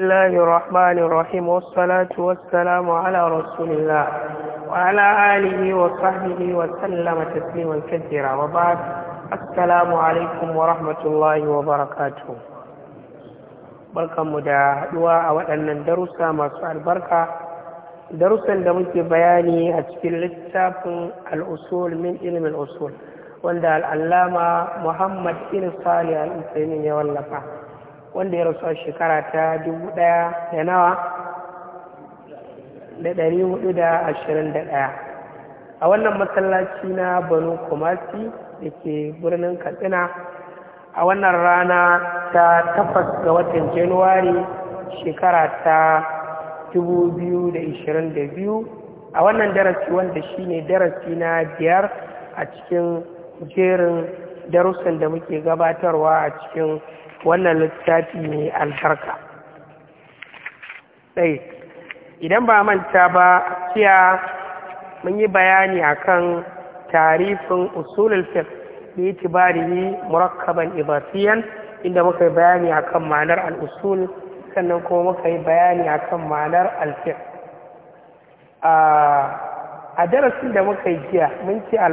الله الرحمن الرحيم والصلاة والسلام على رسول الله وعلى آله وصحبه وسلم تسليما كثيرا وبعد السلام عليكم ورحمة الله وبركاته barkanmu da haɗuwa a waɗannan darussa masu albarka darussan da muke bayani a cikin littafin al'usul min ilmin usul wanda al'allama muhammad irin sali ya wallafa wanda ya rasu a shekara ta dubu daya da nawa da dari hudu da ashirin da daya a wannan masallaci na banu kumasi da ke birnin katsina a wannan rana ta takwas ga watan januwari shekara ta dubu biyu da ashirin da biyu a wannan darasi wanda shine darasi na biyar a cikin jerin darussan da muke gabatarwa a cikin wannan littafi ne alharka ɗai idan ba manta ba kiya mun yi bayani akan tarifin usulul fiqh bi mu murakkaban ibatiyan inda muka yi bayani akan ma'anar al-usul sannan kuma muka yi bayani akan ma'anar al-fiqh a darasin da muka yi jiya mun ce al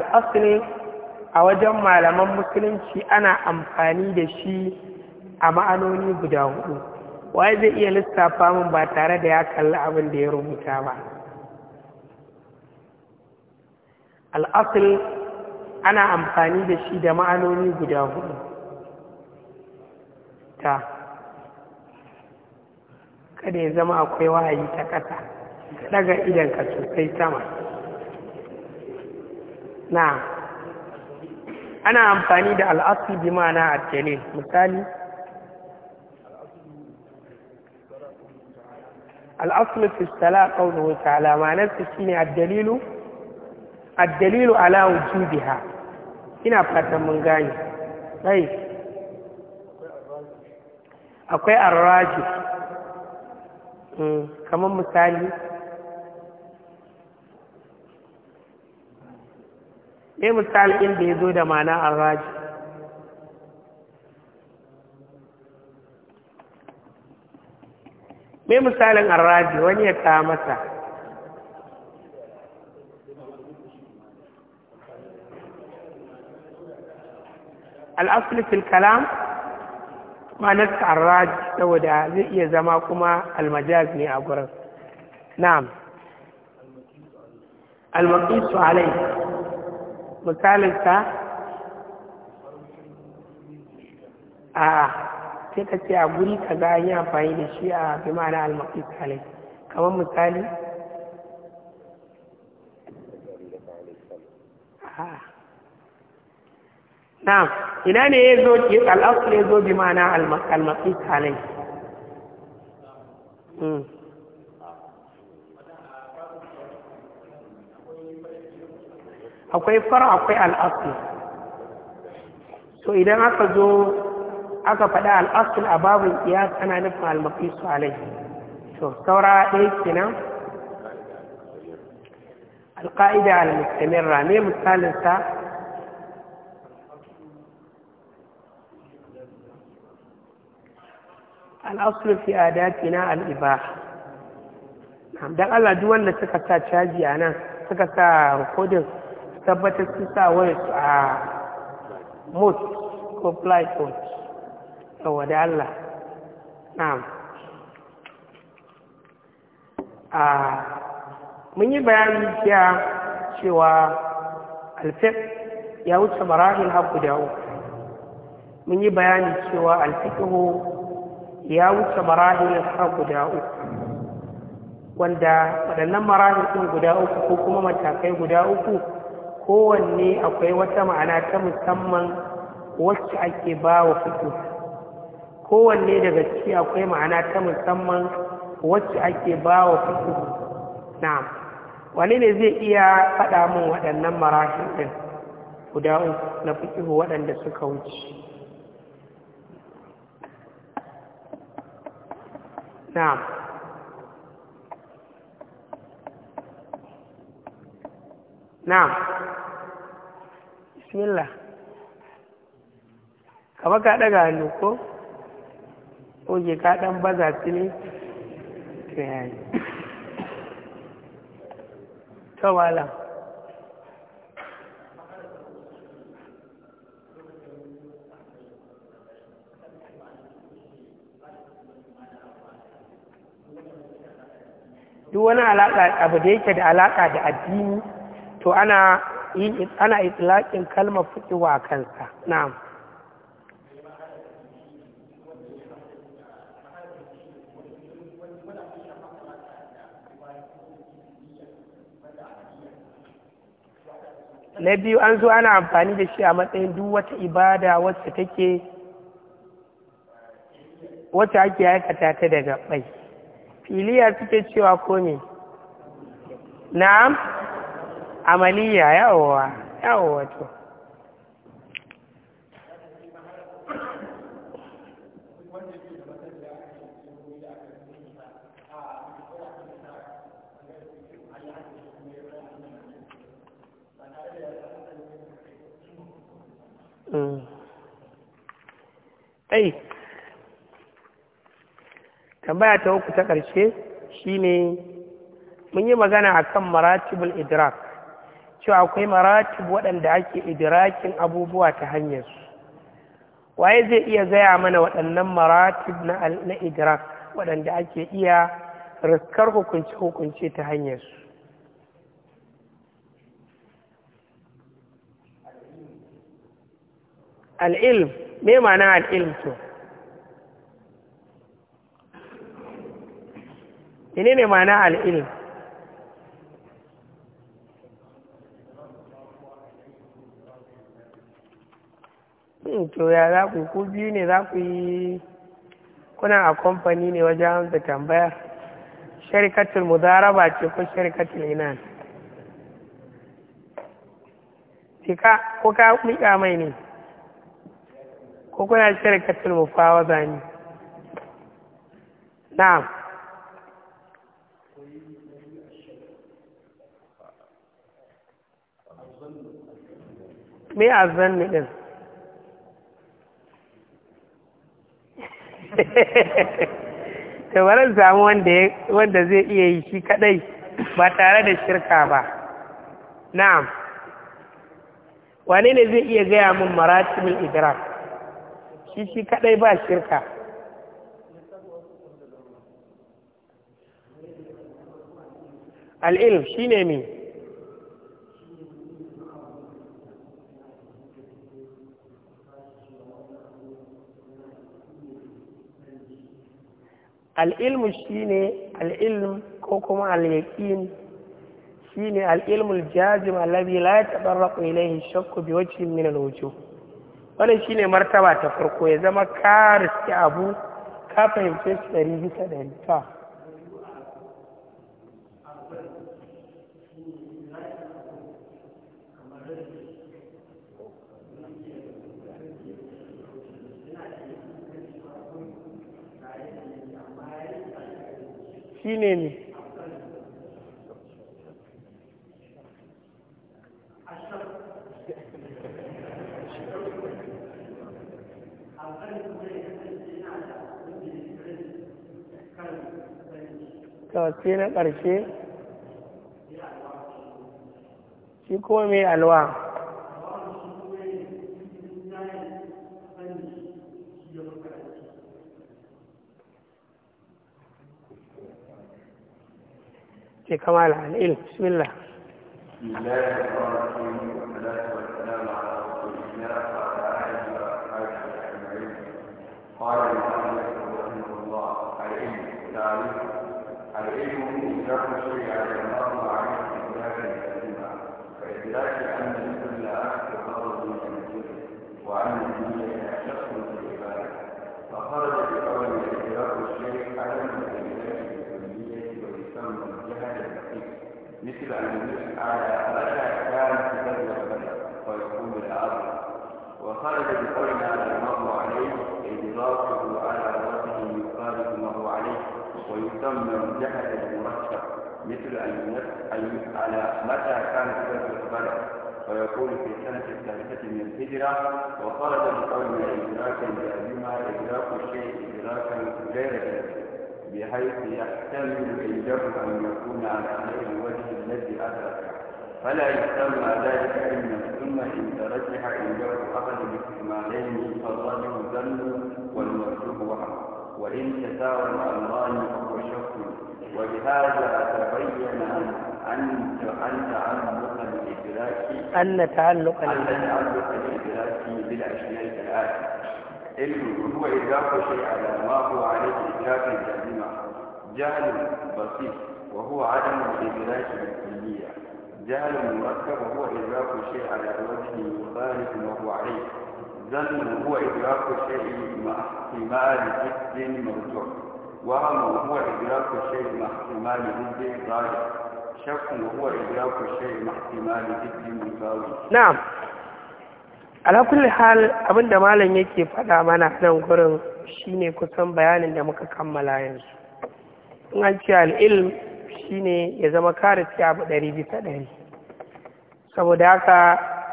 a wajen malaman musulunci ana amfani da shi a ma'anoni guda hudu wai zai iya lissafa min ba tare da ya kalli abin da ya rubuta ba al'asul ana amfani da shi da ma'anoni guda hudu ta kada ya zama akwai wahayi ta ƙasa daga idanka sosai sama na ana amfani da al'asul bi ma'ana a misali al'asul fi sala qawluhu ta'ala ma'anar ta shine ad-dalilu ad-dalilu ala ina fatan mun gane sai akwai arraji kamar misali me misali inda ya zo da ma'ana arraji mai misalin arraji wani ya ta masa al'asul fil kalam ma'anarsa arraji saboda zai iya zama kuma almajaz ne a gurin na'am almakisu alai misalinsa a sai ka ce a guri ka ga yi amfani da shi a bi ma'ana almaqis alai kamar misali na ina ne ya zo al'asul ya zo bi ma'ana almaqis alai hmm. akwai fara akwai al'asul so idan aka zo aka faɗa al'asul a babin kiyas ana nufin al-maqisu alaihi to saura ɗaya kenan al-qa'ida al-mustamirra ne misalin sa al-aslu fi adatina al-ibaha dan Allah duk wanda suka sa caji a nan suka sa rikodin tabbatar su sa wayar a mot ko flight mode saboda Allah na'am a mun yi bayani cewa cewa alfiq ya wuce marahil haku da uku mun yi bayani cewa alfiqhu ya wuce marahil haku da uku wanda waɗannan marahil ɗin guda uku ko kuma matakai guda uku kowanne akwai wata ma'ana ta musamman wacce ake ba wa fito kowanne daga ciki akwai ma'ana ta musamman wacce ake ba wa fiƙi na wani ne zai iya faɗa min waɗannan marashin ɗin guda uku na fiƙihu waɗanda suka wuce na na Bismillah. Kaba ka ɗaga hannu ko oge ka ɗan baza fili to yayi to malam duk wani alaƙa abu da yake da alaƙa da addini to ana ana itlaƙin kalmar fiƙiwa kansa na'am na biyu an zo ana amfani da shi a matsayin duk wata ibada wacce take wacce ake aikata ta daga bai filiya suke cewa ko ne na amaliya yawowa yawowa to ɗai tambaya ta uku ta ƙarshe shine mun yi magana a kan maratibul idrak cewa akwai maratib waɗanda ake idrakin abubuwa ta hanyar su waye zai iya gaya mana waɗannan maratib na idrak waɗanda ake iya riskar hukunce hukunce ta hanyar su al me ma'ana al'ilm to mene ne ma'ana al'ilm hmm, to ya za ku ku biyu ne za ku yi kuna a kamfani ne wajen amsa tambaya sharikatul mudaraba ce ko sharikatul inan ko ka mika mai ne ko kuna shirkatul mufawaza ne na'am me azanni din da baran samu wanda zai iya yi shi kadai ba tare da shirka ba na'am wane ne zai iya gaya min maratibul idrak shi shi kadai ba shirka al'ilm shi ne mi shi ne al'ilm ko kuma al'yaƙin shi ne al'ilmul jazim allabi la ya taɓarraƙo ilaihi shakku bi wacce min wannan shine martaba ta farko ya zama karis riski abu ka fahimce shi dari bisa dari ta shi ne sai na ƙarshe shi ko mai alwa ke kamala al'il bismillah مثل أن على متى كانت بدوة بدر فيقوم بالعرض وخرج بقول هذا المرء عليه إدراكه على وجهه يقال ما عليه ويسمى جهد المركب مثل أن على متى كانت بدوة بدر فيقول في السنة الثالثة من الهجرة وخرج بقول إدراكا لأبيما إدراك الشيء إدراكا غير ذلك بحيث يحتمل الجبر أن يكون على غير الوجه الذي أدرك فلا يسمى ذلك علما ثم إن ترجح انجاز أحد الاحتمالين فالراجح ذل والمرجوح وهم وإن تساوى الأمران فهو شك ولهذا تبين أن أن تعلق الإدراك أن تعلق الإدراك بالأشياء الآتية علم هو إضافة شيء على ما هو عليه إدراك الجريمة جهل بسيط وهو عدم الإدراك بالكلية جهل مركب وهو إدراك شيء على وجه مخالف ما هو عليه ظن هو إدراك شيء مع احتمال جد مرجوع وهم هو إدراك شيء مع احتمال جد غاية شك وهو إدراك شيء مع احتمال جد مساوي نعم ala kulli hal abinda malam yake faɗa mana nan gurin shine kusan bayanin da muka kammala yanzu in an ce al'ilm shine ya zama kare abu ɗari bisa ɗari saboda haka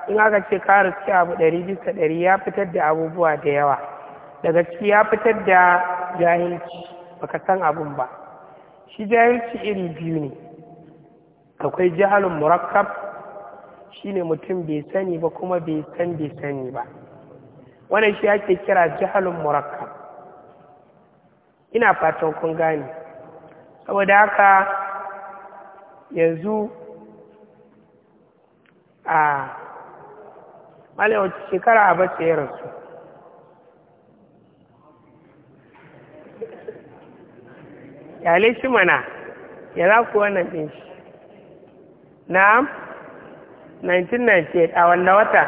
in aka ce kare abu ɗari bisa ɗari ya fitar da abubuwa da yawa daga ciki ya fitar da jahilci baka san abun ba shi jahilci iri biyu ne akwai jahalun murakkab shine mutum bai sani ba kuma bai san bai sani ba wannan shi ake kira jahalun murakkab ina fatan kun gane saboda haka yanzu a malawar shekara a bace ya rasu yale shi mana ya za ku wannan ɗin shi na'am 1998 a wanda wata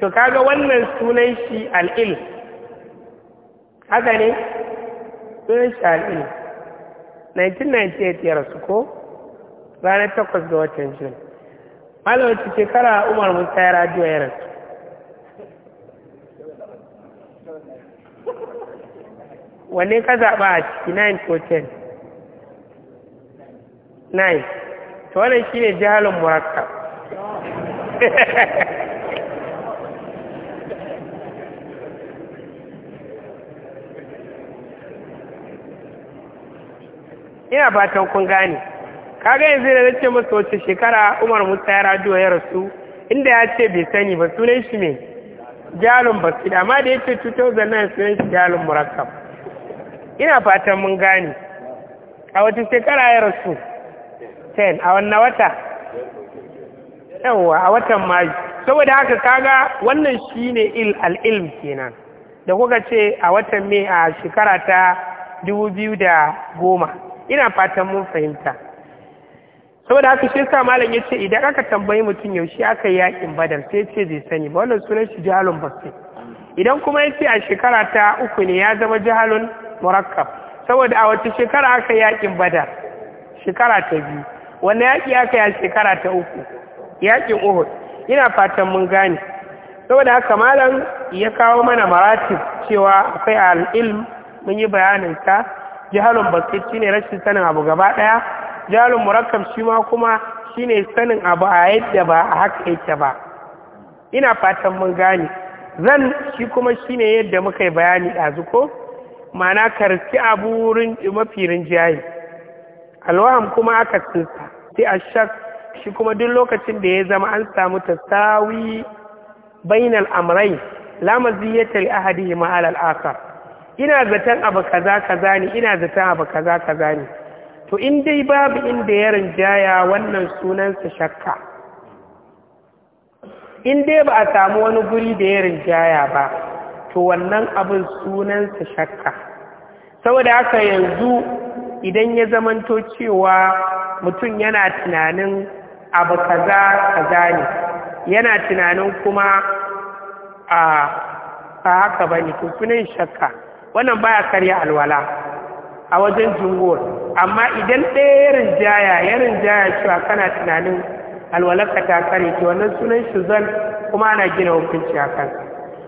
to kaga wannan sunan shi al'il haka ne sunan shi al'il 1998 ya rasu ko ranar 8 ga watan jun malawacin shekara umar musa ya radiyo ya rasu wanne ka zaɓa a ciki 9 ko 10 9 to wannan shi ne jihalin muraka ina fatan kun gane kaga yanzu da zace masa wace shekara Umar Musa ya rajuwa ya rasu inda ya ce bai sani ba sunan shi me jalun basira amma da ce 2009 sunan shi jalun murakkab ina fatan mun gane a wata shekara ya rasu 10 a wannan wata yawa a watan mai saboda haka kaga wannan shine il al-ilm kenan da kuka ce a watan mai a shekara ta goma ina fatan mun fahimta saboda haka shi sa malam ya ce idan aka tambayi mutum yaushe aka yi yakin badar sai ce zai sani ba wannan sunan shi jahalun basir idan kuma ya ce a shekara ta uku ne ya zama jahalun murakkab saboda a wata shekara aka yakin badar shekara ta biyu wanda yaki aka yi shekara ta uku yakin uhud ina fatan mun gane saboda haka malam ya kawo mana maratib cewa akwai al'ilm mun yi bayanin ta jahalun basit shine rashin sanin abu gaba daya jahalun murakkab shi ma kuma shine sanin abu a yadda ba a haka yake ba ina fatan mun gane zan shi kuma shi ne yadda muka yi bayani ɗazu ko ma'ana karki abu wurin mafi rinjaye alwaham kuma aka tsinsa sai a shak shi kuma duk lokacin da ya zama an samu tasawi bainal amrai lamazi ya tali ahadihi ma'alal akar ina zaton abu kaza kaza ne ina zaton abu kaza kaza ne to in dai babu inda ya rinjaya wannan sunansa shakka in dai ba a samu wani guri da ya rinjaya ba to wannan abin sunansa shakka saboda haka yanzu idan ya zamanto cewa mutum yana tunanin abu kaza kaza ne yana tunanin kuma a ba haka ba ne to sunan shakka wannan baya karya alwala a wajen jumhur amma idan ɗaya ya jaya ya rinjaya cewa kana tunanin alwalarka ta kare to wannan sunan shi zan kuma ana gina hukunci a kansa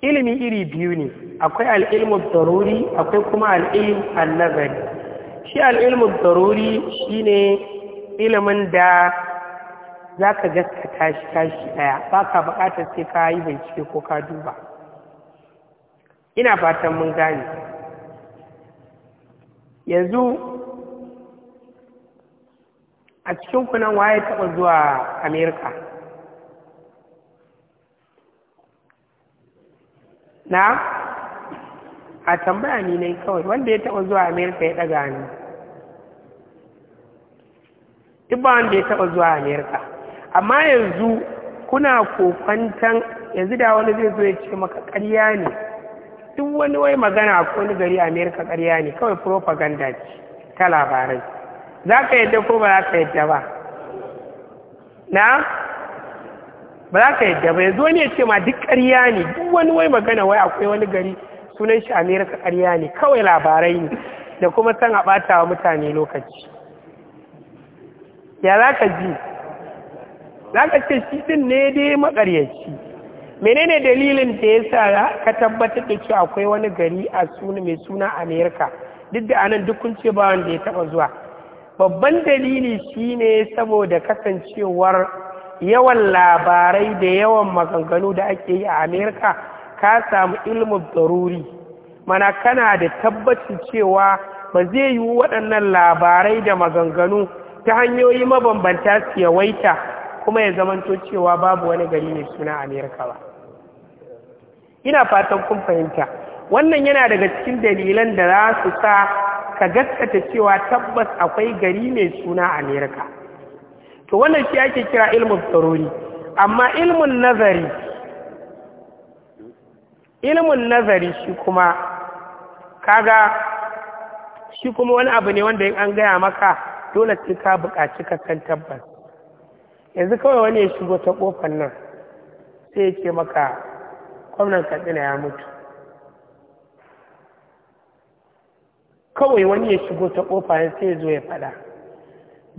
ilimi iri biyu ne akwai al'ilmu daruri akwai kuma al'ilm annazari shi al'ilmu daruri ne ilimin da za ka gaskata shi tashi daya, ba ka buƙatar sai ka yi bincike ko ka duba ina fatan mun gane yanzu a cikin kunan waye taɓa zuwa amerika na a tambaya ni ne kawai wanda ya taba zuwa amerika ya daga ni duk wanda ya taɓa zuwa amerika amma yanzu kuna kokwantan yanzu da wani zai zo ya ce maka karya ne duk wani wai magana a kone gari amerika karya ne kawai propaganda ce ta labarai za ka yadda ko ba za ka yadda ba na ba za ka yadda ba zo wani ya ce ma duk ƙarya ne duk wani wai magana wai akwai wani gari sunan shi amerika ƙarya ne kawai labarai ne da kuma san a ɓata wa mutane lokaci ya za ka ji za ka ce shi din ne dai makaryaci menene dalilin da ya sa ka tabbatar da cewa akwai wani gari a suna mai suna amerika duk da anan duk kun ce ba wanda ya taba zuwa babban dalili shine saboda kasancewar yawan labarai da yawan maganganu da ake yi a amerika ka samu ilmin daruri mana kana da tabbacin cewa ba zai yi waɗannan labarai da maganganu ta hanyoyi mabambanta su yawaita kuma ya zamanto cewa babu wani gari mai suna amerika ba ina fatan kun fahimta wannan yana daga cikin dalilan da za su sa ka gaskata cewa tabbas akwai gari mai suna amerika to wannan shi ake kira ilmin tsaroni, amma ilmin nazari ilmin nazari shi kuma kaga shi kuma wani abu ne wanda an gaya maka dole sai ka buƙaci ka kan tabbas yanzu kawai wani ya shigo ta ƙofar nan sai ya ce maka gwamnan katsina ya mutu kawai wani ya shigo ta ƙofa sai ya zo ya faɗa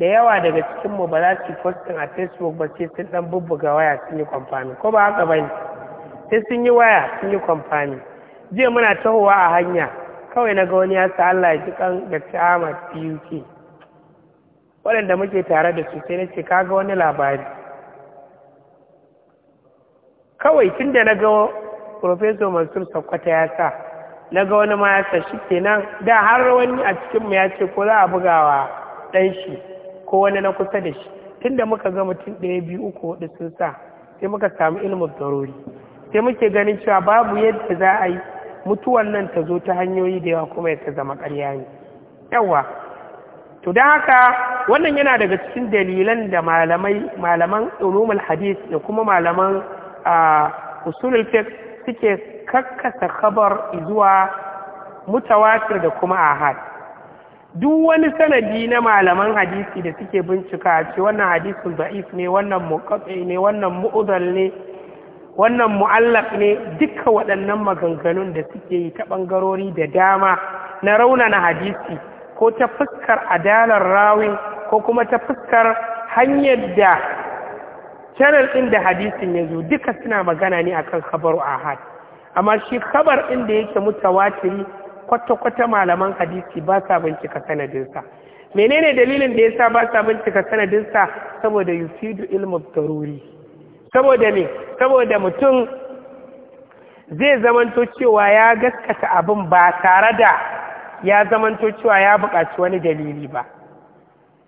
da yawa daga cikinmu ba za su postin a facebook ba sai sun dan bubbuga waya sun yi kwamfani ko ba haka bane sai sun yi waya sun yi kwamfani jiya muna tahowa a hanya kawai na ga wani ya sa Allah ya ji kan da Ahmad PUK waɗanda muke tare da su sai na ce kaga wani labari kawai tun da na ga Professor Mansur Sokoto ya sa na ga wani ma ya sa shi kenan da har wani a cikin mu ya ce ko za a bugawa wa shi ko wani na kusa da shi tunda muka ga mutum ɗaya biyu uku hudu sun sa sai muka samu ilimin darori sai muke ganin cewa babu yadda za a yi mutuwan nan ta zo ta hanyoyi da yawa kuma ya ta zama ƙarya ne yawa to don haka wannan yana daga cikin dalilan da malamai malaman ulumul hadis da kuma malaman usulul fiqh suke kakkasa khabar zuwa mutawatir da kuma ahad duk wani sanadi na malaman hadisi da suke bincika ce wannan hadisin da'if ne wannan muqatti ne wannan mu'udal ne wannan mu'allaf ne duka waɗannan maganganun da suke yi ta ɓangarori da dama na raunana hadisi ko ta fuskar adalar rawi ko kuma ta fuskar hanyar da channel ɗin da hadisin ya zo duka suna magana ne akan khabaru ahad amma shi khabar ɗin da yake mutawatiri kwata-kwata malaman hadisi ba sa bincika sanadinsa menene dalilin da yasa ba sa bincika sanadinsa saboda yusidu ilmu daruri saboda me saboda mutum zai zamanto cewa ya gaskata abin ba tare da ya zamanto cewa ya buƙaci wani dalili ba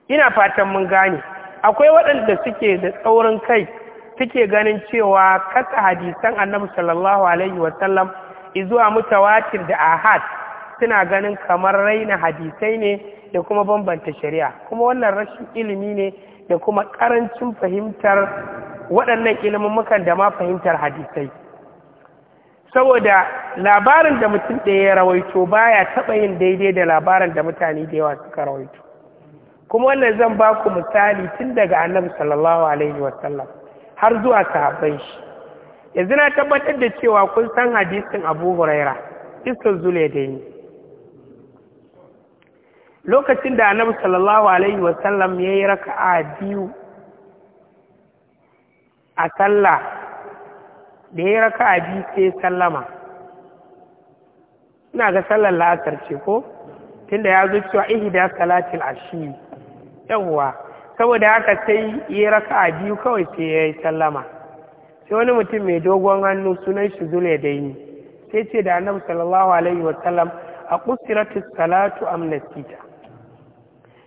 ina fatan mun gane akwai waɗanda suke da tsaurin kai suke ganin cewa kasa hadisan annabi sallallahu alaihi wasallam izuwa mutawatir da ahad suna ganin kamar raina hadisai ne da kuma bambanta shari'a kuma wannan rashin ilimi ne da kuma ƙarancin fahimtar waɗannan ilimin da ma fahimtar hadisai saboda labarin da mutum ɗaya ya rawaito baya taɓa yin daidai da labarin da mutane da yawa suka rawaito kuma wannan zan ba ku misali tun daga annabi sallallahu alaihi wasallam har zuwa sahabban shi yanzu na tabbatar da cewa kun san hadisin abu huraira iskar zule da ni lokacin da annabi sallallahu alaihi wasallam ya yi raka'a biyu a sallah da ya yi raka'a biyu sai sallama ina ga sallar la'asar ce ko tunda ya zo cewa ihda salatil ashi yawwa saboda haka sai ya yi raka'a biyu kawai sai ya yi sallama sai wani mutum mai dogon hannu sunan shi zule da yi sai ce da annabi sallallahu alaihi wasallam a kusuratu salatu amnasita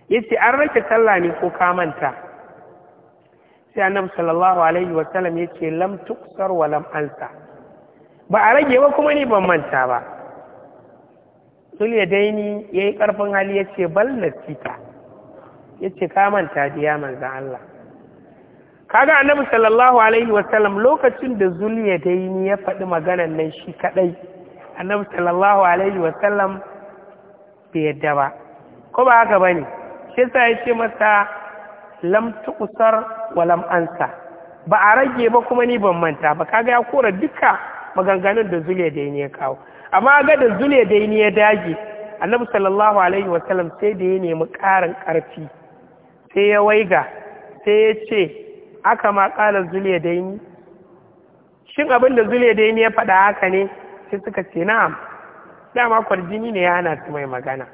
yace an rage sallah ne ko ka manta sai annabi sallallahu alaihi wa sallam yace lam tuksar wa lam ansa ba a rage ba kuma ni ban manta ba sul ya daini yayi karfin hali yace bal nasita yace ka manta diya manzan Allah kaga annabi sallallahu alaihi wa sallam lokacin da zul ya daini ya faɗi maganan nan shi kadai annabi sallallahu alaihi wa sallam bai yadda ba ko ba haka bane yasa ya ce masa lam tuqsar wa lam ansa ba a rage ba kuma ni ban manta ba kaga ya kora duka maganganun da zule da ya kawo amma ga da zule da ya dage annabi sallallahu alaihi wa sallam sai da ya nemi karin karfi sai ya waiga sai ya ce aka ma kala zule da ni shin abin da zule da ya faɗa haka ne sai suka ce na'am dama kwarjini ne ya hana su mai magana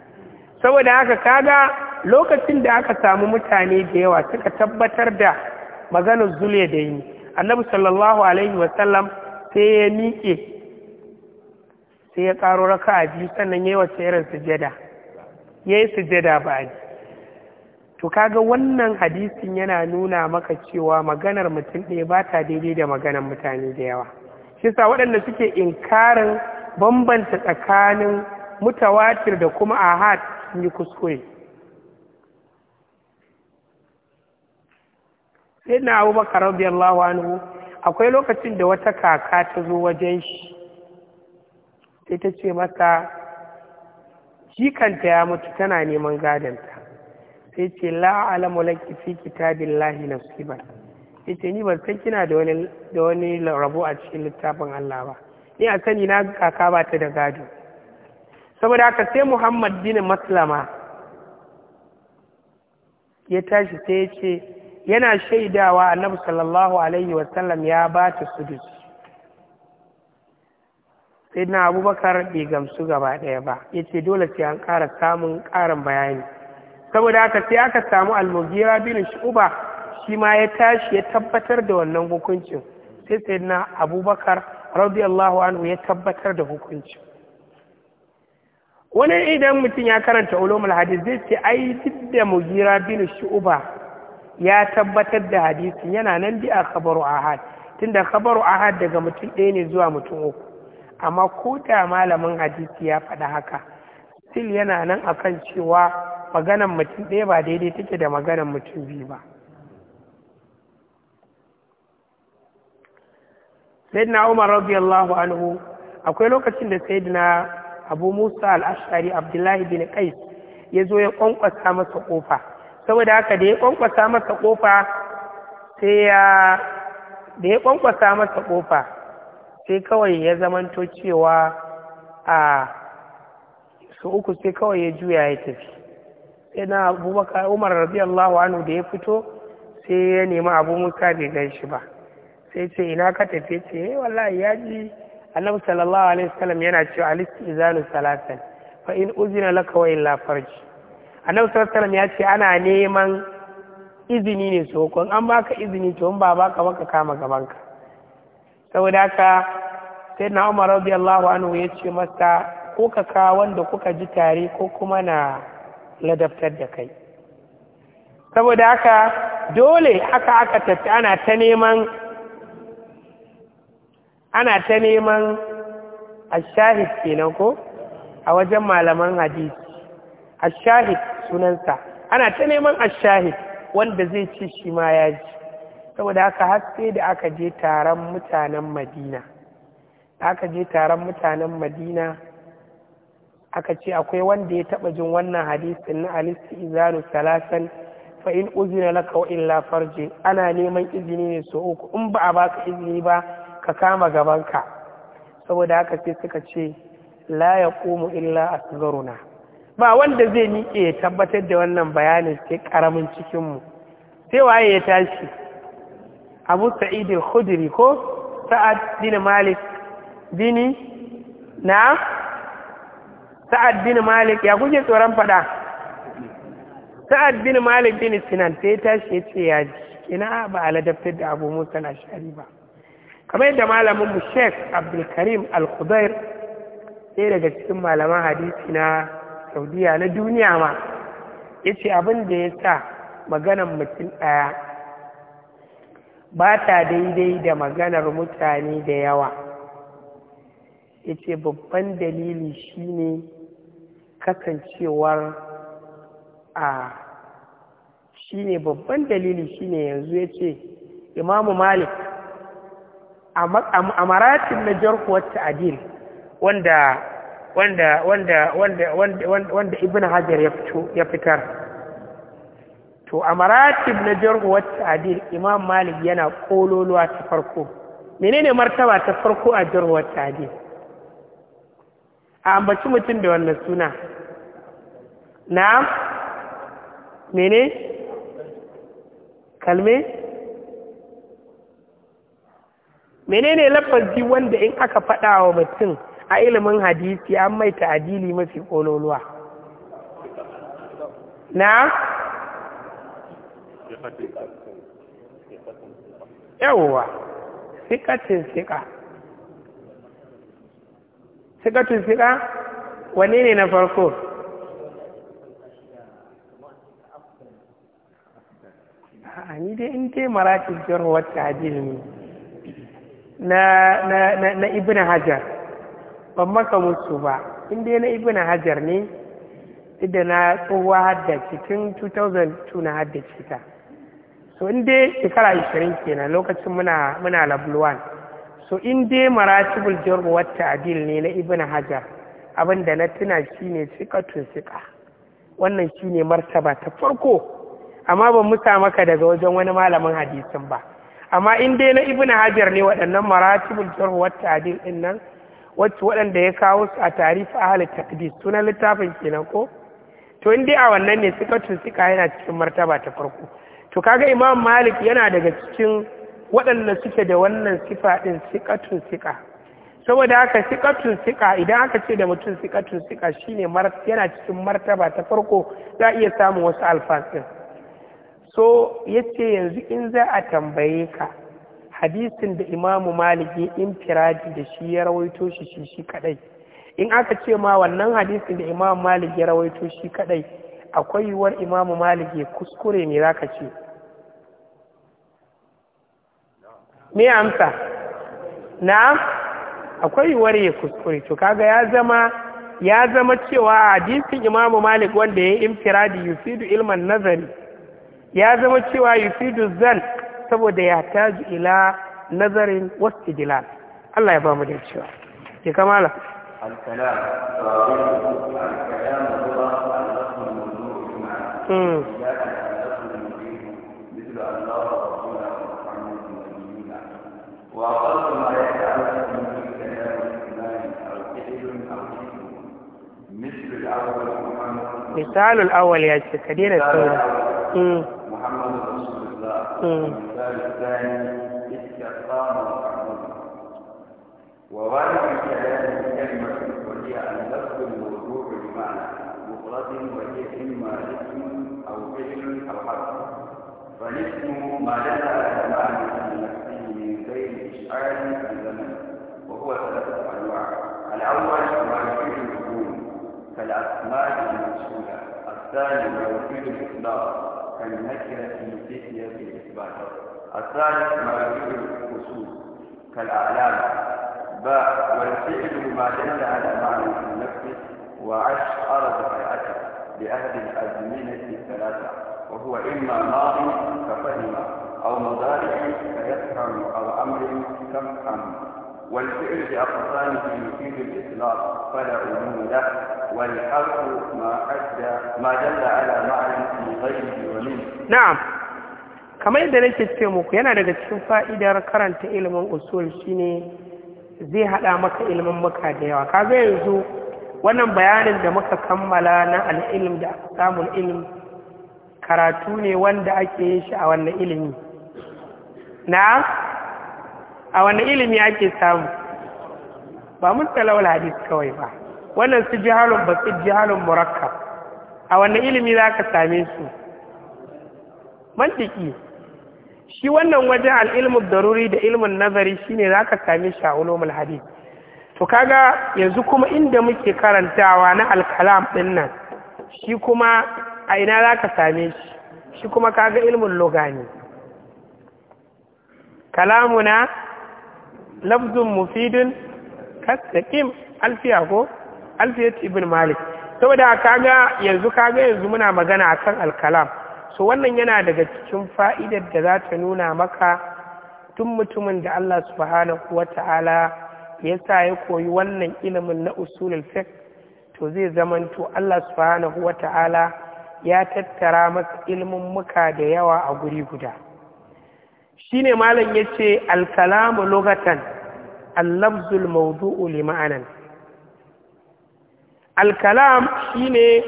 saboda haka kaga lokacin da aka samu mutane da yawa suka tabbatar da maganar zule da yi annabi sallallahu alaihi wasallam sai ya miƙe sai ya ƙaro raka a biyu sannan ya yi wa tseren sujada ya yi sujada ba a to kaga wannan hadisin yana nuna maka cewa maganar mutum ɗaya ba ta daidai da maganar mutane da yawa shi sa waɗanda suke inkarin bambanta tsakanin mutawatir da kuma ahad sun yi kuskure sai na abubakar radiyallahu anhu akwai lokacin da wata kaka ta zo wajen shi sai ta ce mata jikanta ya mutu tana neman gadonta sai ce la'alamu laki fi lahi na kitabillahi sai ce ni ban san kina da wani da wani rabo a cikin littafin Allah ba ni a sani na kaka ba ta da gado saboda haka sai muhammad bin maslama ya tashi sai ya ce yana shaidawa annabi sallallahu alaihi wa sallam ya ba ta sudus sai na abubakar bai gamsu gaba ɗaya ba ya ce dole sai an ƙara samun ƙarin bayani saboda haka sai aka samu almugira bin shuba shi ma ya tashi ya tabbatar da wannan hukuncin sai sai na abubakar radiyallahu anhu ya tabbatar da hukuncin wani idan mutum ya karanta ulumul hadis zai ce ai duk da mugira bin shu'ba ya tabbatar da hadisi yana nan bi a khabaru ahad tunda khabaru ahad daga mutum ɗaya ne zuwa mutum uku amma ko da malamin hadisi ya faɗa haka sil yana nan akan cewa maganan mutum ɗaya ba daidai take da maganan mutum biyu ba sayyidina umar radiyallahu anhu akwai lokacin da sayyidina abu musa al'ashari abdullahi bin kais ya zo ya ƙwanƙwasa masa ƙofa saboda haka da ya ƙwanƙwasa masa ƙofa sai ya da ya ƙwanƙwasa masa ƙofa sai kawai ya zamanto cewa a su uku sai kawai ya juya ya tafi sai na abubakar umar radiyallahu anhu da ya fito sai ya nemi abu musa bai gan shi ba sai ce ina ka tafi ce eh, wallahi ya ji annabi sallallahu alaihi wasallam yana cewa al-istizanu salatan fa in uzina laka wa illa farj annabi sallallahu alaihi ya ana neman izini ne so kun an baka izini to in ba baka baka kama gabanka saboda haka sai na Umar radiyallahu anhu ya ce masa ko ka ka wanda kuka ji tare ko kuma na ladabtar da kai saboda haka dole haka aka tafi ana ta neman ana ta neman ashahid kenan ko a wajen malaman hadisi ashahid sunansa ana ta neman ashahid wanda zai ci shi ma ya ji saboda aka haske da aka je taron mutanen madina aka je taron mutanen madina aka ce akwai wanda ya taba jin wannan hadisin na alisti izanu salasan fa in uzina laka wa illa farji ana neman izini ne so uku in ba a baka izini ba ka kama gabanka saboda haka sai suka ce la ya illa a asgaruna ba wanda zai niƙe ya tabbatar da wannan bayanin sai ƙaramin cikinmu sai waye ya tashi abu sa'id al-khudri ko sa'ad bin malik dini na sa'ad bin malik ya kuke tsoron fada sa'ad bin malik bin sinan sai ya tashi ya ce ya ji ina ba a ladabtar da abu musa na shari ba kamar yadda malamin mu Sheikh Abdulkarim Al-Khudair ɗaya daga cikin malaman hadisi na Saudiya na duniya ma yace abin da ya sa maganar mutum ɗaya ba ta daidai da maganar mutane da yawa yace babban dalili shine kasancewar a shine babban dalili shine yanzu yace Imamu Malik a na jarkuwar ta'adil wanda wanda wanda wanda wanda wanda ibn hajar ya fito ya fitar to a na na jarhuwar ta'adil imam malik yana kololuwa ta farko menene martaba ta farko a jarhuwar ta'adil a ambaci mutum da wannan suna na mene kalme menene lafazi wanda in aka faɗa wa mutum a ilimin hadisi an mai adili mafi kololuwa na yawwa sikatin sika sikatin sika wane ne na farko a ni dai in te maratin jarowar ta'adili ne na ibn hajar ban maka musu ba inda na ibn hajar ne inda na tsohuwa haddace tun 2002 na haddace ta so inda shekara 20 kenan lokacin muna muna labluwan so inda maratibul jarm wata adil ne na ibn hajar abinda na tuna shi shine tun sika wannan shi ne martaba ta farko amma ban musa maka daga wajen wani malamin hadisin ba amma in dai na ibn hajar ne waɗannan maratibul jarh wa ta'dil din nan wacce waɗanda ya kawo su a tarif taqdis sunan littafin kenan ko to in dai a wannan ne suka suka yana cikin martaba ta farko to kaga imam malik yana daga cikin waɗanda suke da wannan sifa din sikatun sika saboda haka tun sika idan aka ce da mutum sikatun sika shine yana cikin martaba ta farko za a iya samun wasu alfasin so ya ce yanzu in za a tambaye ka hadisin da imamu maliki in firadi da shi ya rawaito shi shi shi kadai in aka ce ma wannan hadisin da imamu maliki ya rawaito shi kadai akwai yiwuwar imamu maliki kuskure ne za ka ce me amsa na akwai yiwuwar ya kuskure to kaga ya zama ya zama cewa hadisin imamu malik wanda ya yi infiradi yufidu ilman nazari ya zama cewa yufidu zan saboda ya taji ila nazarin wasu jilal Allah ya ba mu da cewa ke kamala مثال الأول يا شيخ كدير الثاني محمد رسول الله المثال الثاني استقام محمد ووارد كلام كلمة وهي اللفظ الموضوع بمعنى مفرد وهي إما اسم أو فعل أو حرف فالاسم ما لنا معنى نفسه من غير إشعار بزمن وهو ثلاثة أنواع الأول ما يفيد الوجود كالأسماء المشهورة الثاني ما يفيد الإخلاص كالنكرة في في الإثبات الثالث مراتب الأصول كالأعلام باء والفعل ما دل على معنى النفس وعش أرض دفعته بأهل الأزمنة الثلاثة وهو إما ماضي كفهم أو مضارع كيفهم أو أمر كفهم والفعل بأقسامه يفيد الإطلاق فلا علوم له na'am ما أدى ما دل على غيره ومنه نعم kamar yadda nake ce muku yana daga cikin fa'idar karanta ilimin usul shine zai haɗa maka ilimin maka da yawa Ka kaga yanzu wannan bayanin da muka kammala na al’ilm da samun ilim karatu ne wanda ake yin shi a wannan ilimi na a wannan ilimi ake samu ba mun talawar hadis kawai ba wannan su halin ba su halin murakkab a wanne ilimi za ka same su mantiki shi wannan wajen al'ilmin daruri da ilmin nazari shine za ka same shi a ulumul hadi to kaga yanzu kuma inda muke karantawa na alkalam ɗin nan shi kuma a ina za ka same shi shi kuma kaga ilmin logani kalamuna lafzun mufidin kastakim alfiya ko alfiyat ibn malik saboda kaga yanzu kaga yanzu muna magana akan alkalam so wannan yana daga cikin fa'idar da za ta nuna maka tun mutumin da Allah subhanahu wa ta'ala ya sa ya koyi wannan ilimin na usulul fiqh to zai zamanto Allah subhanahu wa ta'ala ya tattara masa ilimin muka da yawa a guri guda shine malam yace alkalamu lugatan al-lafzul mawdu'u li alkalam shine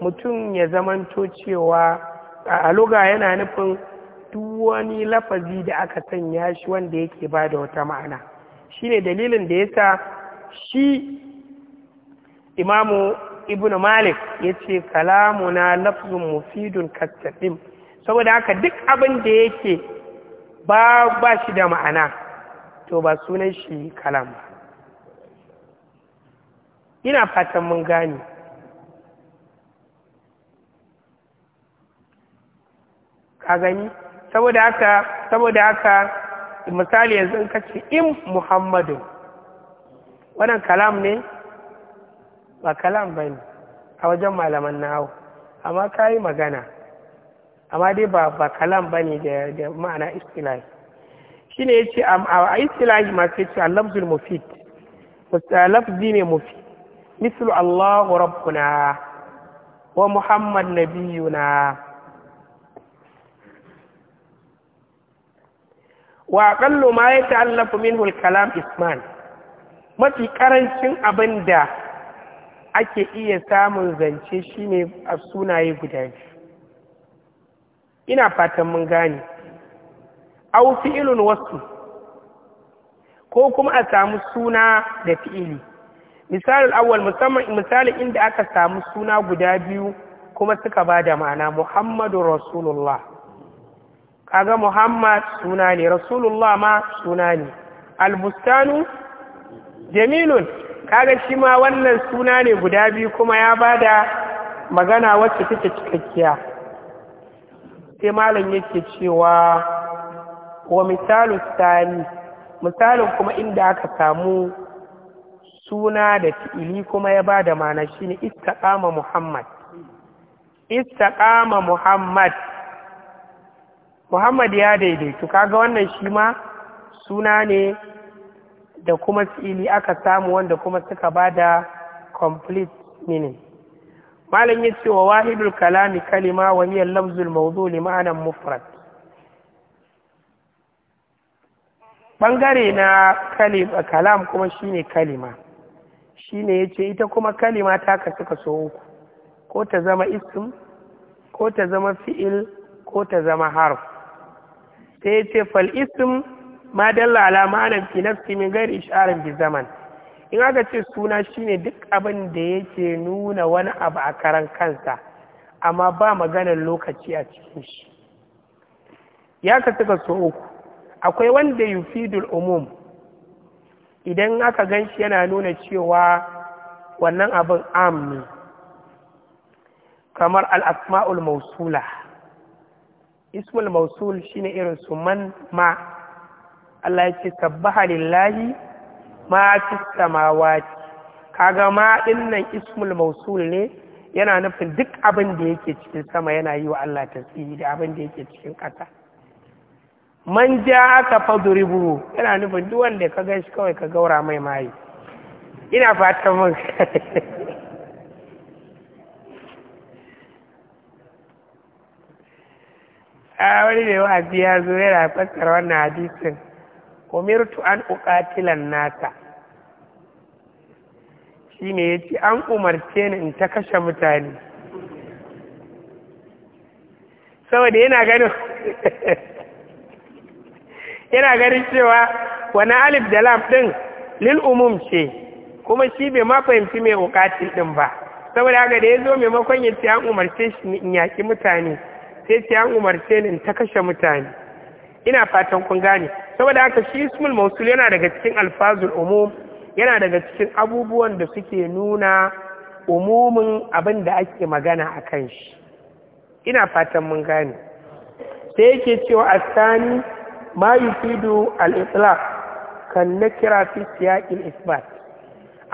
mutum ya zamanto cewa a luga yana nufin duk wani lafazi da aka sanya shi wanda yake ba da wata ma'ana shine dalilin da yasa shi imamu ibn malik ya ce kalamu na lafzun mufidun kattafim saboda haka duk abin da yake ba ba shi da ma'ana to ba sunan shi kalam ba ina fatan mun gane ka gani saboda haka saboda haka misali yanzu in ka ce in muhammadu wannan kalam ne ba kalam ba ne a wajen malaman nawo amma ka yi magana amma dai ba ba kalam ba ne da ma'ana istilahi shi ne ya ce a istilahi masu ya ce a lafzul mufid lafzi ne mufit. mislu Allahu rabbuna wa Muhammad na. wa aqallu ma yata'allafu minhu al-kalam isman mafi ƙarancin abinda da ake iya samun zance shine a sunaye guda biyu ina fatan mun gane au fi'ilun wasu ko kuma a samu suna da fi'ili misalin awwal musamman misalin inda aka samu suna guda biyu kuma suka ba da ma'ana muhammadu rasulullah kaga muhammad suna ne rasulullah ma suna ne albustanu jamilun kaga shi ma wannan suna ne guda biyu kuma ya ba da magana wacce take cikakkiya sai malam yake cewa wa misalu tsani misalin kuma inda aka samu suna da fi'ili kuma ya ba da mana shi ne istaƙama Muhammad. Istaƙama Muhammad. Muhammad ya daidaitu, kaga wannan shi ma suna ne da kuma fi'ili aka samu wanda kuma suka ba da complete meaning. Malam ya ce wa wahidul kalami kalima wa miyan lafzul mawzu li ma'anan mufrad. Bangare na kalam kuma shine kalima. shine ya ce ita kuma kalima ta kasu kaso uku ko ta zama isim ko ta zama fi'il ko ta zama harf sai ya ce fal isim ma dalla ala ma'anan fi nafsi min ghairi isharin bi zaman in aka ce suna shine duk abin da yake nuna wani abu a karan kansa amma ba maganar lokaci a cikin shi ya kasu kaso uku akwai wanda yufidul umum idan aka gan shi yana nuna cewa wannan abin amni kamar al'asma'ul mausula ismul mausul shi ne irin su man ma Allah ya ce sabbaha lillahi ma fi samawati kaga ma nan ismul mausul ne yana nufin duk abin da yake cikin sama yana yi wa Allah tasiri da abin da yake cikin ƙasa man ja aka faduribu yana nufin duk wanda ka gan shi kawai ka gaura mai mayi ina fatan mun a ah, wani mai wa'azi ya zo yana fassara wannan hadisin umirtu an uqatilan nasa shine yace an umarce ni in ta kashe mutane saboda yana ganin yana ganin cewa wani alif da lam ɗin lil umum ce kuma shi bai ma fahimci mai bukatin ɗin ba saboda haka da ya zo maimakon ya ce an umarce shi in yaƙi mutane sai ce an umarce ni ta kashe mutane ina fatan kun gane saboda haka shi ismul mausul yana daga cikin alfazul umum yana daga cikin abubuwan da suke nuna umumin abin da ake magana a kan shi ina fatan mun gane sai yake cewa asani ma yufidu al-itlaq kan nakira fi siyaqil isbat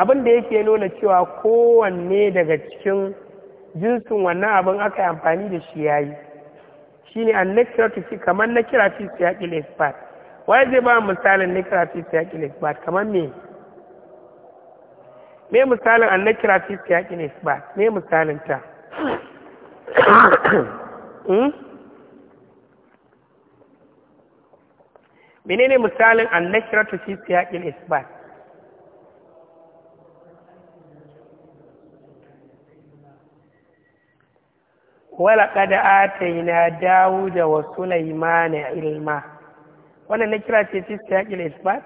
abin da yake nuna cewa kowanne daga cikin jinsin wannan abin aka yi amfani da shi yayi shine an nakira shi kamar nakira fi siyaqil isbat wai zai ba misalin nakira fi siyaqil isbat kamar me me misalin an nakira fi siyaqil isbat me misalin ta hmm? menene misalin annashratu fi siyaqil isbat wala qad ataina dawuda wa sulaymana ilma wannan na kira ce fi siyaqil isbat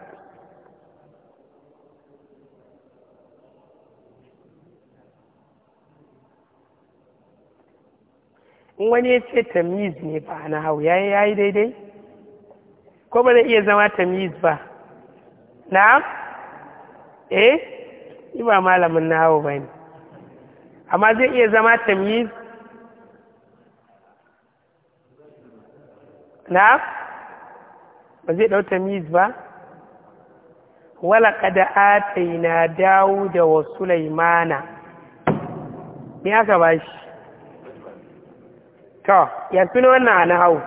in wani ya ce tamiz ne ba na hau yayi daidai ko ba zai iya zama tamiz ba na'am eh ni ba malamin nawo ba ne amma zai iya zama tamiz na'am ba zai ɗau tamiz ba wala kada na dawo da wasu laimana ni aka ba shi to ya ne wannan a na hau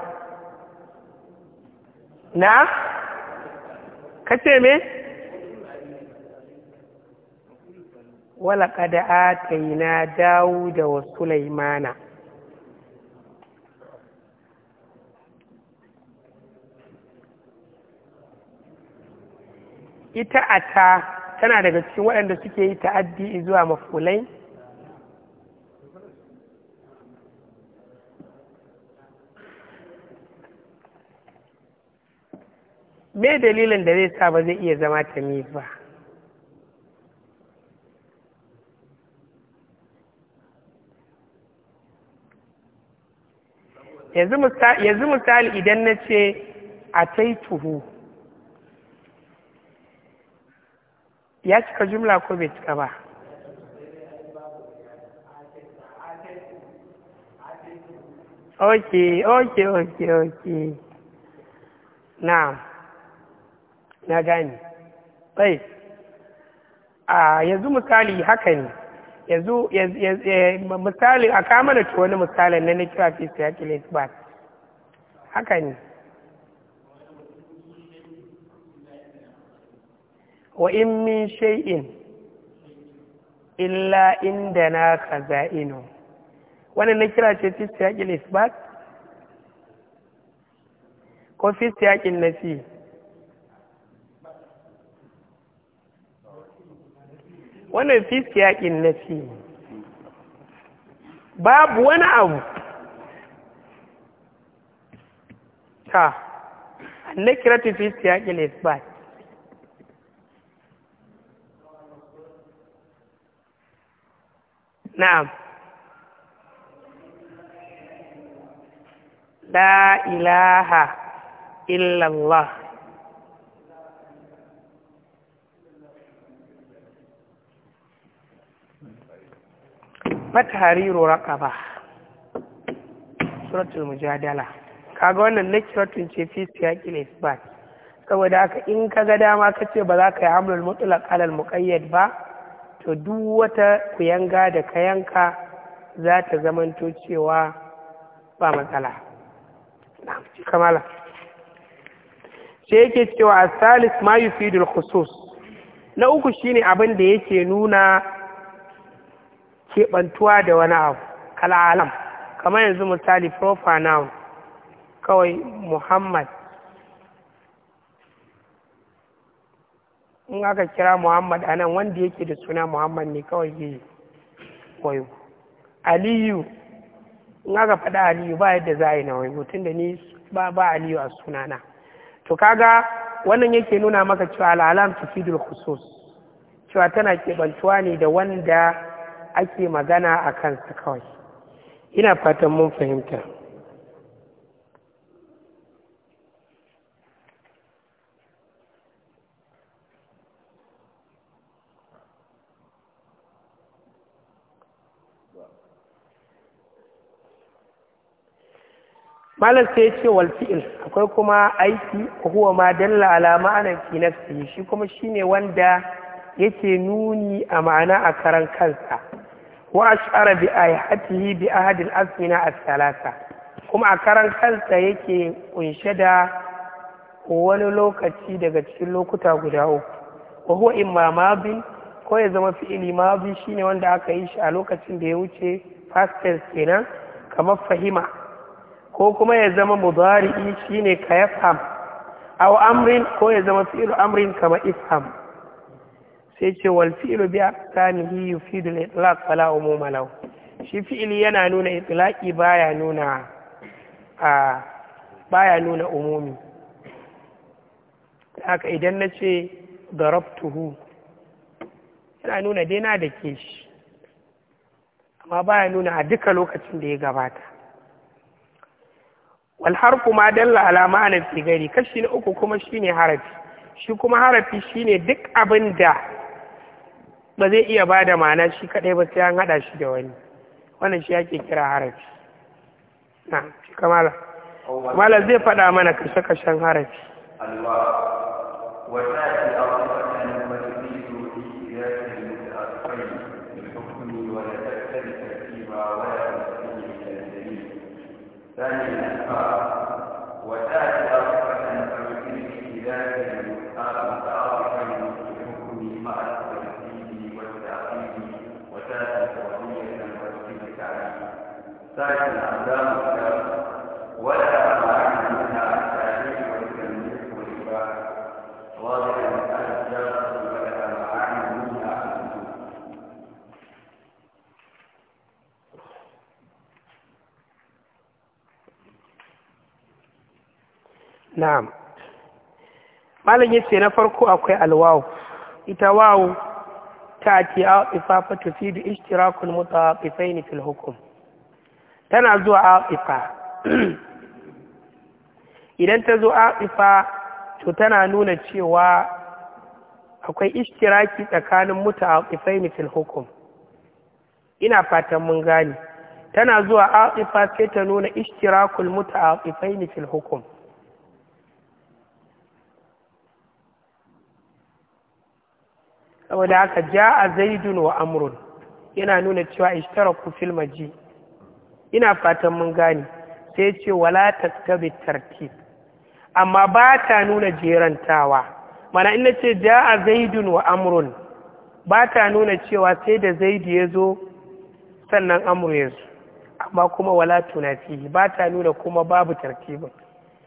na kace me wala kada ataina dawuda wa sulaimana ita ata tana daga cikin waɗanda suke yi ta'addi zuwa mafulai me dalilin da zai sa ba zai iya zama tamiz ba yanzu misali idan na ce a taituhu ya cika jumla ko bai cika ba ok ok ok na na gani tsaye a yanzu misali haka ne yanzu eh, misali a kamana ta wani misali na nikira fi yaƙi isbat haka ne wa in min shay'in illa inda na khaza'inu wannan kira ce fi yaƙi isbat ko fi siyakil nafi wannan fi siyaƙin nafi babu wani abu ta ta fiski siyaƙin isbat na'am la ilaha illallah fatariru raqaba suratul mujadala kaga wannan nakiratun ce fi siyaqil isbat saboda aka in kaga dama kace ba za ka yi hamlul mutlaq alal muqayyad ba to duk wata kuyanga da kayanka za ta zamanto cewa ba matsala na'am kamala sai yake cewa asalis ma yufidul khusus na uku shine abin da yake nuna keɓantuwa da wani abu kal'alam kamar yanzu misali proper kawai muhammad in aka kira muhammad a nan wanda yake da suna muhammad ne kawai ke wayo aliyu in aka faɗa aliyu ba yadda za a yi na wayo tun da ni ba ba aliyu a sunana to kaga wannan yake nuna maka cewa al'alam tufidul khusus cewa tana keɓantuwa ne da wanda ake magana a kansa kawai ina fatan mun fahimta malam sai ce walfi'il akwai kuma aiki huwa ma dalla ala ma'anar fi shi kuma shine wanda yake nuni a ma'ana a karan kansa wa ashara bi ayatihi bi ahadil asmina as-salasa kuma a karan kansa yake kunshe da wani lokaci daga cikin lokuta guda uku wa huwa imma madin ko ya zama fi'ili madi shine wanda aka yi shi a lokacin da ya wuce past tense kenan kamar fahima ko kuma ya zama mudari shine ka aw amrin ko ya zama fi'il amrin kamar ifham sai ce wal fi'lu bi aqsamihi yufidu al-itlaq fala umuma lahu shi fi'ili yana nuna itlaqi baya nuna a baya nuna umumi haka idan na ce darabtuhu yana nuna dai na da ke shi amma baya nuna a duka lokacin da ya gabata wal harfu ma dalla ala ma'ana fi gari kashi na uku kuma shine harafi shi kuma harafi shine duk abin da ba zai iya ba da ma'ana shi kaɗai ba sai an haɗa shi da wani wannan shi ake kira harafi na shi kamala kamala zai faɗa mana kashe-kashen harafi na'am malam yace na farko akwai alwaw ita wawu ta ce aqifa tufidu ishtirakul mutaqifain fil hukm tana zuwa ifa idan ta zo ifa to tana nuna cewa akwai ishtiraki tsakanin mutaaqifain fil hukm ina fatan mun gane tana zuwa ifa sai ta nuna ishtirakul mutaaqifain fil hukm saboda haka ja a zaidun wa amrun yana nuna cewa ku fil ji, ina fatan mun gane sai ce wala tattabi tartib amma ba ta nuna jerantawa mana ina ce ja a zaidun wa amrun ba ta nuna cewa sai da zaidu ya zo sannan amru ya zo amma kuma wala tunafihi ba ta nuna kuma babu tartibin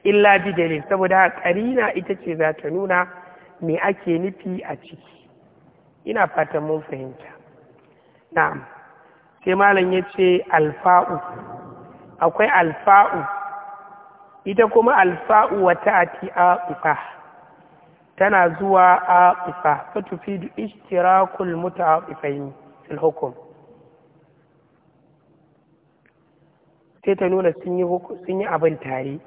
illa bi dalil saboda karina ita ce za ta nuna me ake nufi a ciki ina fatan mun fahimta na'am sai malam ya ce alfa'u akwai alfa'u ita kuma alfa'u wata ati aƙuƙa tana zuwa a ta tufi da ishtirakul mutu a fil hukum sai ta nuna sun yi abin tare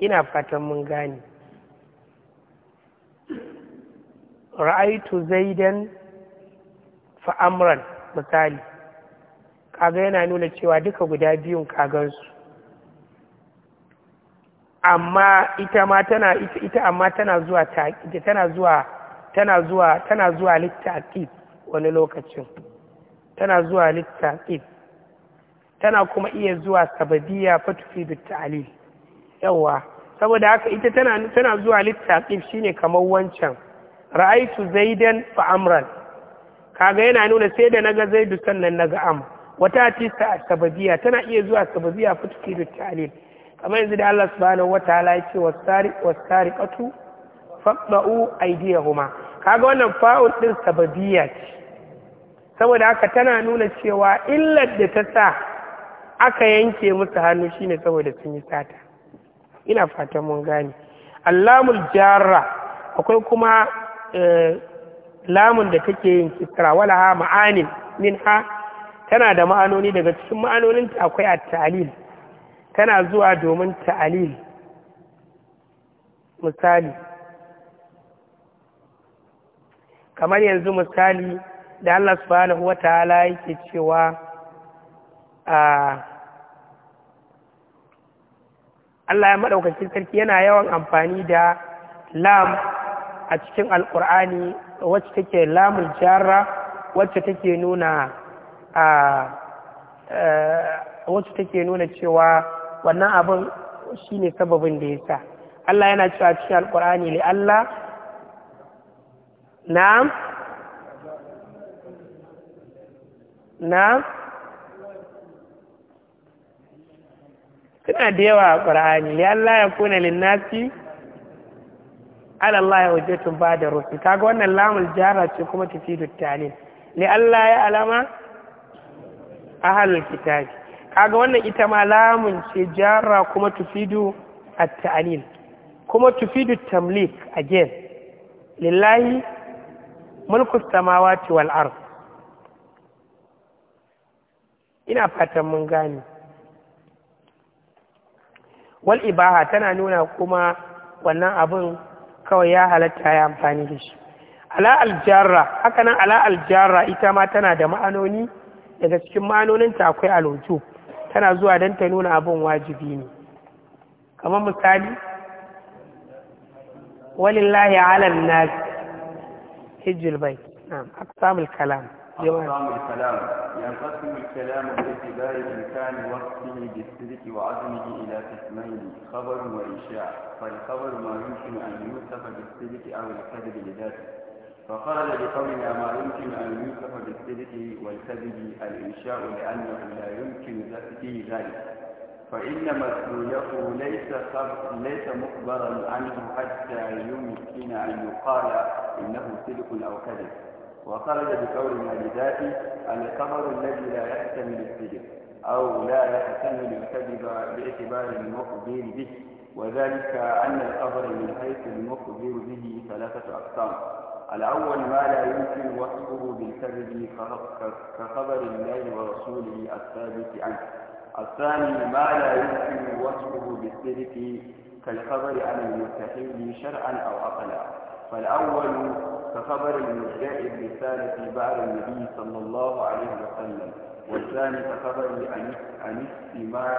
ina fatan mun gane ra'aitu zaidan fa'amran misali kaga yana nuna cewa duka guda biyun kagansu amma ita ma tana ita, ita amma tana zuwa ta ita tana zuwa tana zuwa tana zuwa littaqib wani lokacin tana zuwa littaqib tana kuma iya zuwa sababiyya bi ta'lil yawa saboda haka ita tana tana zuwa littaqib shine kamar wancan ra'aitu zaidan fa amran kaga yana nuna sai da naga zaidu sannan naga am wata tisa sababiya tana iya zuwa sababiya fitki da ta'alil kamar yanzu da Allah subhanahu wataala yake wasari wasariqatu faqda'u aydiyahuma kaga wannan fa'ul din sababiya ce saboda haka tana nuna cewa illar da ta sa aka yanke musu hannu shine saboda sun yi sata ina fatan mun gane allamul jarra akwai kuma Eh, lamun da take yin kisra wala ha ma'anin min ha tana da ma'anoni daga cikin ma'anonin ta akwai a ta'alil tana zuwa domin ta'alil misali kamar yanzu misali da Allah subhanahu wa ta'ala yake cewa a Allah ya maɗaukacin sarki yana yawan amfani da lam a cikin alkur'ani wacce take lamul jarra wacce take nuna a wacce take nuna cewa wannan abin ne sababin da ya sa Allah yana cewa cikin alkur'ani li Allah na na suna da yawa a ƙur'ani li Allah ya kuna linnasi ala Allah ya tun ba da rufi kaga wannan lamul jara ce kuma tufidu talil li Allah ya alama halin kitabi kaga wannan ita ma lamun ce jara kuma tufidu at-ta'lil kuma tufidu tamlik again lillahi mulku samawati wal ard ina fatan mun gane wal ibaha tana nuna kuma wannan abin kawai ya halatta ya amfani da shi ala aljarra haka nan ala ita ma tana da ma'anoni daga cikin ma'anoninta akwai alwujub tana zuwa don ta nuna abin wajibi ne kamar misali walillahi ala nas hijjul na na'am samu kalam أقسام الكلام ينقسم يعني الكلام باعتبار إمكان وقته بالصدق وعزمه إلى قسمين خبر وإنشاء فالخبر ما يمكن أن يوصف بالصدق أو الكذب لذاته فخرج بقولنا ما يمكن أن يوصف بالصدق والكذب الإنشاء لأنه لا يمكن فيه ذلك فإن مسؤوله ليس ليس مخبرا عنه حتى يمكن أن يقال إنه صدق أو كذب وخرج بقول المعجزات الخبر الذي لا يحتمل السجن أو لا يحتمل الكذب باعتبار المخبر به وذلك أن الخبر من حيث المخبر به ثلاثة أقسام الأول ما لا يمكن وصفه بالكذب كخبر الله ورسوله الثابت عنه الثاني ما لا يمكن وصفه بالصدق كالخبر عن المستحيل شرعا أو عقلا فالأول كخبر المرجاء الرسالة بعد النبي صلى الله عليه وسلم والثاني كخبر عن استماع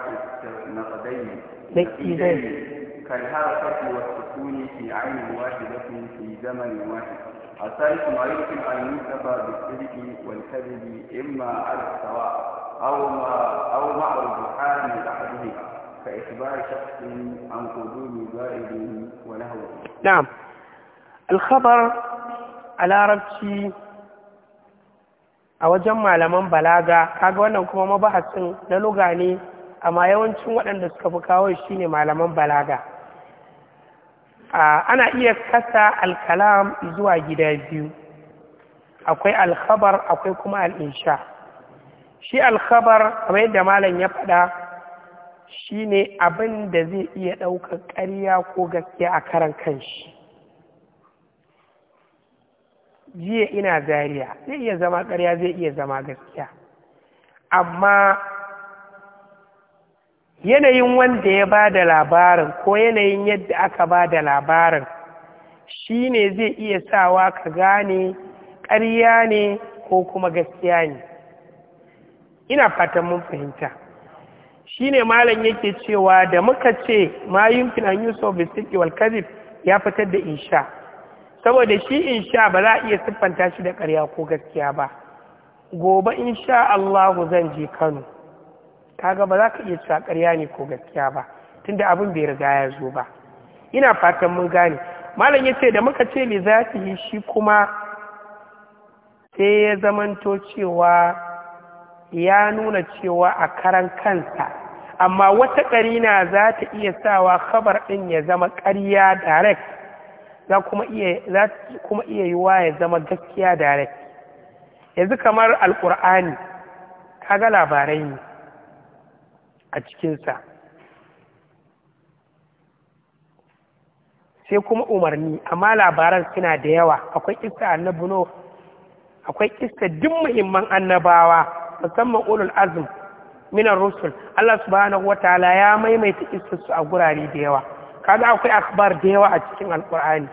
النقدين النقيدين كالحركة والسكون في عين واحدة في زمن واحد الثالث معرفة أن يكتفى بالصدق والكذب إما على السواء أو ما أو مع الرجحان أحدهما كإخبار شخص عن قدوم زائد ونهوه نعم الخبر a larabci a wajen malaman balaga kaga wannan kuma mabahasin na luga ne amma yawancin waɗanda suka fi kawo shi ne malaman balaga ana iya kasa alkalam zuwa gida biyu akwai alkhabar akwai kuma al'insha shi alkhabar kamar yadda malam ya faɗa shi ne abin da zai iya ɗaukar ƙarya ko gaskiya a karan kanshi jiya ina zariya zai iya zama ƙarya zai iya zama gaskiya amma yanayin wanda ya ba da labarin ko yanayin yadda aka ba da labarin shi ne zai iya sawa ka gane karya ne ko kuma gaskiya ne ina fatan mun fahimta shi ne malam yake cewa da muka ce mayun finan yusuf bisiki wal ya fitar da in sha. saboda shi in sha ba za a iya siffanta shi da ƙarya ko gaskiya ba gobe in sha Allahu zan je Kano kaga ba za ka iya cewa ƙarya ne ko gaskiya ba tunda abin bai riga ya zo ba ina fatan mun gane malam yace da muka ce li yi shi kuma sai ya zamanto cewa ya nuna cewa a karan kansa amma wata ƙarina za ta iya sawa khabar ɗin ya zama ƙarya direct za kuma iya yi wa ya zama gaskiya da rai yanzu kamar al'ur'ani kaga labarai ne a cikinsa sai kuma umarni amma labaran suna da yawa akwai kista annabu no akwai kista duk muhimman annabawa musamman ulul azm minar rusul Allah subhanahu wataala ya maimaita su a gurare da yawa kaga akwai akbar da yawa a cikin alkur'ani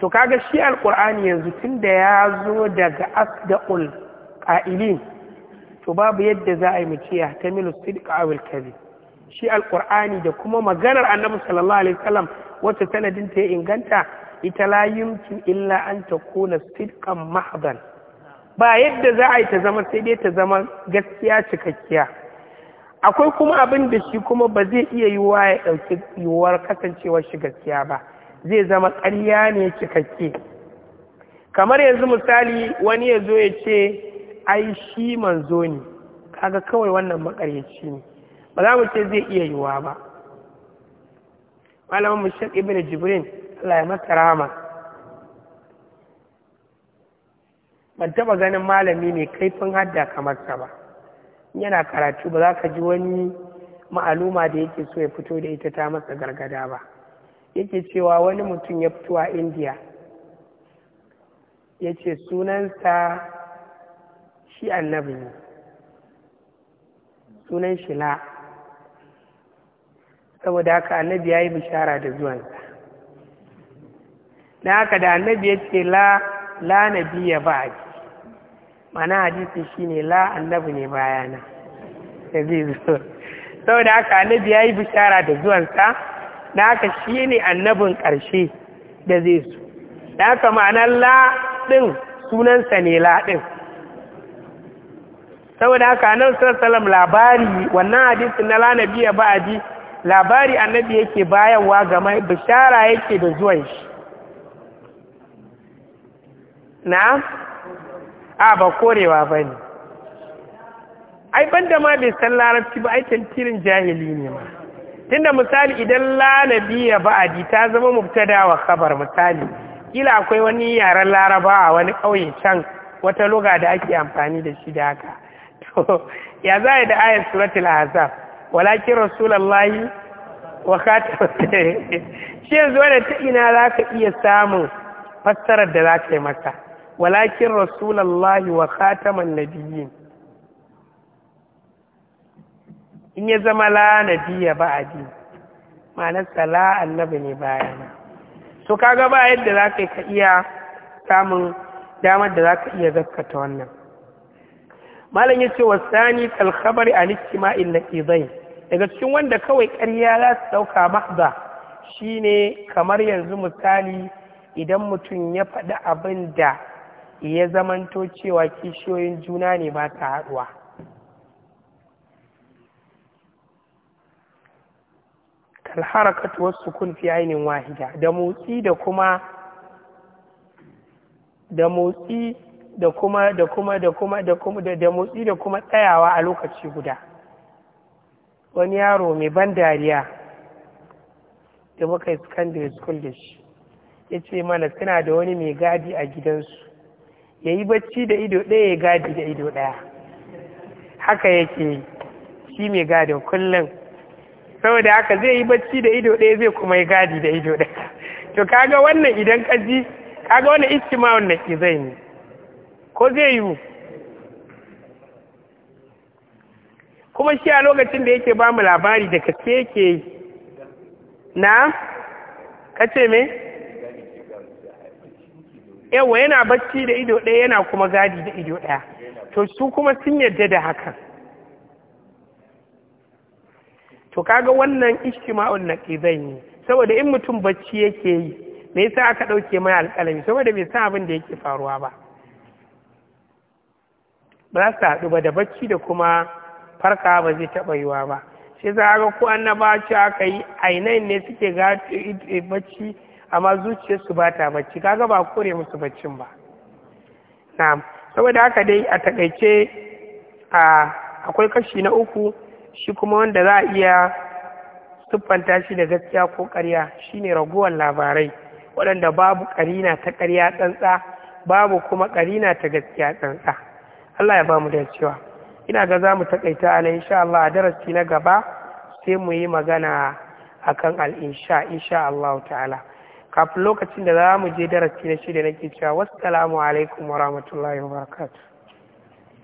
to kaga shi alkur'ani yanzu tun da ya zo daga asdaqul qa'ilin to babu yadda za a yi mace ya milu sidqa aw al shi alkur'ani da kuma maganar annabi sallallahu alaihi wasallam wata sanadin ta ya inganta ita la yumkin illa an takuna sidqan mahdan ba yadda za a yi ta zama sai dai ta zama gaskiya cikakkiya akwai kuma abin da shi kuma ba zai iya yiwuwa ya ɗauki yiwuwar kasancewar shi gaskiya ba zai zama ƙarya ne cikakke kamar yanzu misali wani ya zo ya ce ai shi manzo ne kaga kawai wannan makaryaci ne ba za mu ce zai iya yiwuwa ba malamin mushaq ibn jibrin Allah ya masa rama ban taɓa ganin malami ne kaifin hadda kamar sa ba yana karatu ba za ka ji wani ma'aluma da yake so ya fito da ita ta masa gargada ba yake cewa wani mutum ya fito a indiya ya ce sunansa shi annabi ne sunan shi la saboda haka annabi ya yi bishara da zuwansa na haka da annabi ya ce la la nabiya ba mana hadisi ne la annabi ne bayana da zai zo saboda haka annabi ya yi bishara da zuwansa da haka shi ne annabin ƙarshe da zai su da haka ma'anar la ɗin sunansa ne la ɗin saboda haka annabi sallallahu labari wannan hadisi na la ya ba'adi labari annabi yake ga mai bishara yake da zuwan shi na a ba korewa ba ne ai da ma bai san larabci ba ai tantirin jahili ne ma da misali idan lalabi ya ba'adi ta zama mubtada wa kabar misali kila akwai wani yaren laraba a wani ƙauye can wata loga da ake amfani da shi da haka to ya za da ayar suratul ahzab walakin rasulallahi wa shi yanzu wanda ta ina za ka iya samun fassarar da za ka yi masa walakin rasulallahi wa khataman nabiyyin in ya zama la nabiyya ba'adi ma'ana la annabi ne bayana so kaga ba yadda za ka ka iya samun damar da za ka iya zakkata wannan malam ya ce wasani kalkhabari a nishima'in na ƙizai daga cikin wanda kawai ƙarya za su ɗauka mahza shine kamar yanzu misali idan mutum ya faɗi abin da ya zamanto cewa kishiyoyin juna ne ba ta haɗuwa kalharakatu wasu kun fi ainihin wahida da motsi da kuma da motsi da kuma da kuma da kuma da kuma da motsi da kuma tsayawa a lokaci guda wani yaro mai ban dariya da muka yi secondary school da shi ya ce mana suna da wani mai gadi a gidansu ya yi bacci da ido ɗaya ya gadi da ido ɗaya haka yake shi mai gadin kullum saboda haka zai yi bacci da ido ɗaya zai kuma yi gadi da ido ɗaya to kaga wannan idan ka ji kaga wannan ma wannan zai ne ko zai yiwu kuma shi a lokacin da yake ba mu labari da keke yake na kace me? yawa yana bacci da ido ɗaya yana kuma gadi da ido ɗaya to su kuma sun yarda da hakan to kaga wannan ishtima'un naqizai ne saboda in mutum bacci yake yi me yasa aka ɗauke mai alƙalami saboda bai san abin da yake faruwa ba ba za su haɗu ba da bacci da kuma farka ba zai taɓa yiwa ba sai za ga ko annaba aka yi ainihin ne suke ga eh, bacci amma zuciyarsu ba ta bacci kaga ba kore musu baccin ba na'am saboda haka dai a takaice a akwai kashi na uku shi kuma wanda za a iya siffanta shi da gaskiya ko ƙarya shine ragowar labarai waɗanda babu ƙarina ta ƙarya tsantsa babu kuma ƙarina ta gaskiya tsantsa Allah ya ba mu da ina ga za mu takaita ala insha Allah a darasi na gaba sai mu yi magana akan al insha insha Allah ta'ala kafin lokacin da za mu je darasi na shida nake cewa wasu alaikum wa rahmatullahi wa barakatu.